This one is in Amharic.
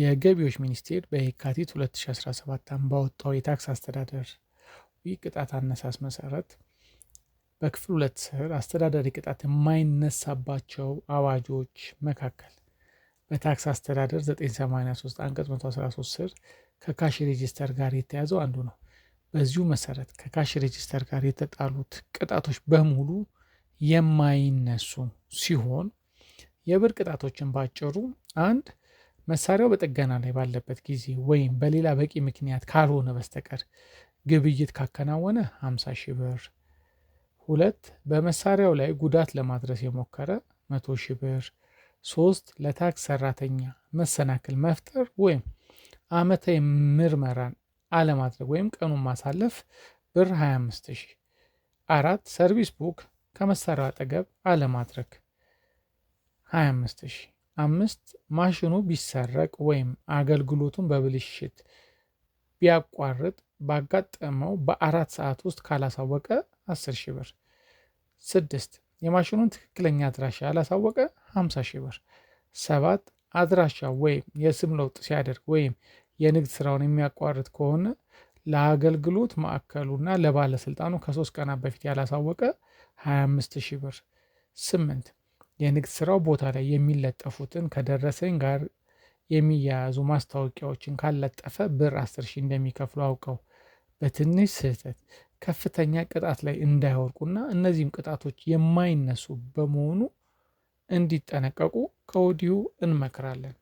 የገቢዎች ሚኒስቴር በየካቲት 2017 ዓ.ም ባወጣው የታክስ አስተዳደር ቅጣት አነሳስ መሰረት በክፍል ሁለት ስር አስተዳደራዊ ቅጣት የማይነሳባቸው አዋጆች መካከል በታክስ አስተዳደር 983 አንቀጽ 113 ስር ከካሽ ሬጅስተር ጋር የተያዘው አንዱ ነው። በዚሁ መሰረት ከካሽ ሬጅስተር ጋር የተጣሉት ቅጣቶች በሙሉ የማይነሱ ሲሆን የብር ቅጣቶችን ባጭሩ፣ አንድ መሳሪያው በጥገና ላይ ባለበት ጊዜ ወይም በሌላ በቂ ምክንያት ካልሆነ በስተቀር ግብይት ካከናወነ 50 ሺህ ብር። ሁለት በመሳሪያው ላይ ጉዳት ለማድረስ የሞከረ 100 ሺህ ብር። ሶስት ለታክስ ሰራተኛ መሰናክል መፍጠር ወይም ዓመታዊ ምርመራን አለማድረግ ወይም ቀኑን ማሳለፍ ብር 25 ሺህ። አራት ሰርቪስ ቡክ ከመሳሪያው አጠገብ አለማድረግ 25 ሺህ። አምስት ማሽኑ ቢሰረቅ ወይም አገልግሎቱን በብልሽት ቢያቋርጥ ባጋጠመው በአራት ሰዓት ውስጥ ካላሳወቀ 10 ሺህ ብር። ስድስት የማሽኑን ትክክለኛ አድራሻ ያላሳወቀ 50 ሺህ ብር። ሰባት አድራሻ ወይም የስም ለውጥ ሲያደርግ ወይም የንግድ ስራውን የሚያቋርጥ ከሆነ ለአገልግሎት ማዕከሉና ለባለስልጣኑ ከሶስት ቀናት በፊት ያላሳወቀ 25 ሺህ ብር። ስምንት የንግድ ስራው ቦታ ላይ የሚለጠፉትን ከደረሰኝ ጋር የሚያያዙ ማስታወቂያዎችን ካለጠፈ ብር 10 ሺህ እንደሚከፍሉ አውቀው በትንሽ ስህተት ከፍተኛ ቅጣት ላይ እንዳይወርቁና እነዚህም ቅጣቶች የማይነሱ በመሆኑ እንዲጠነቀቁ ከወዲሁ እንመክራለን።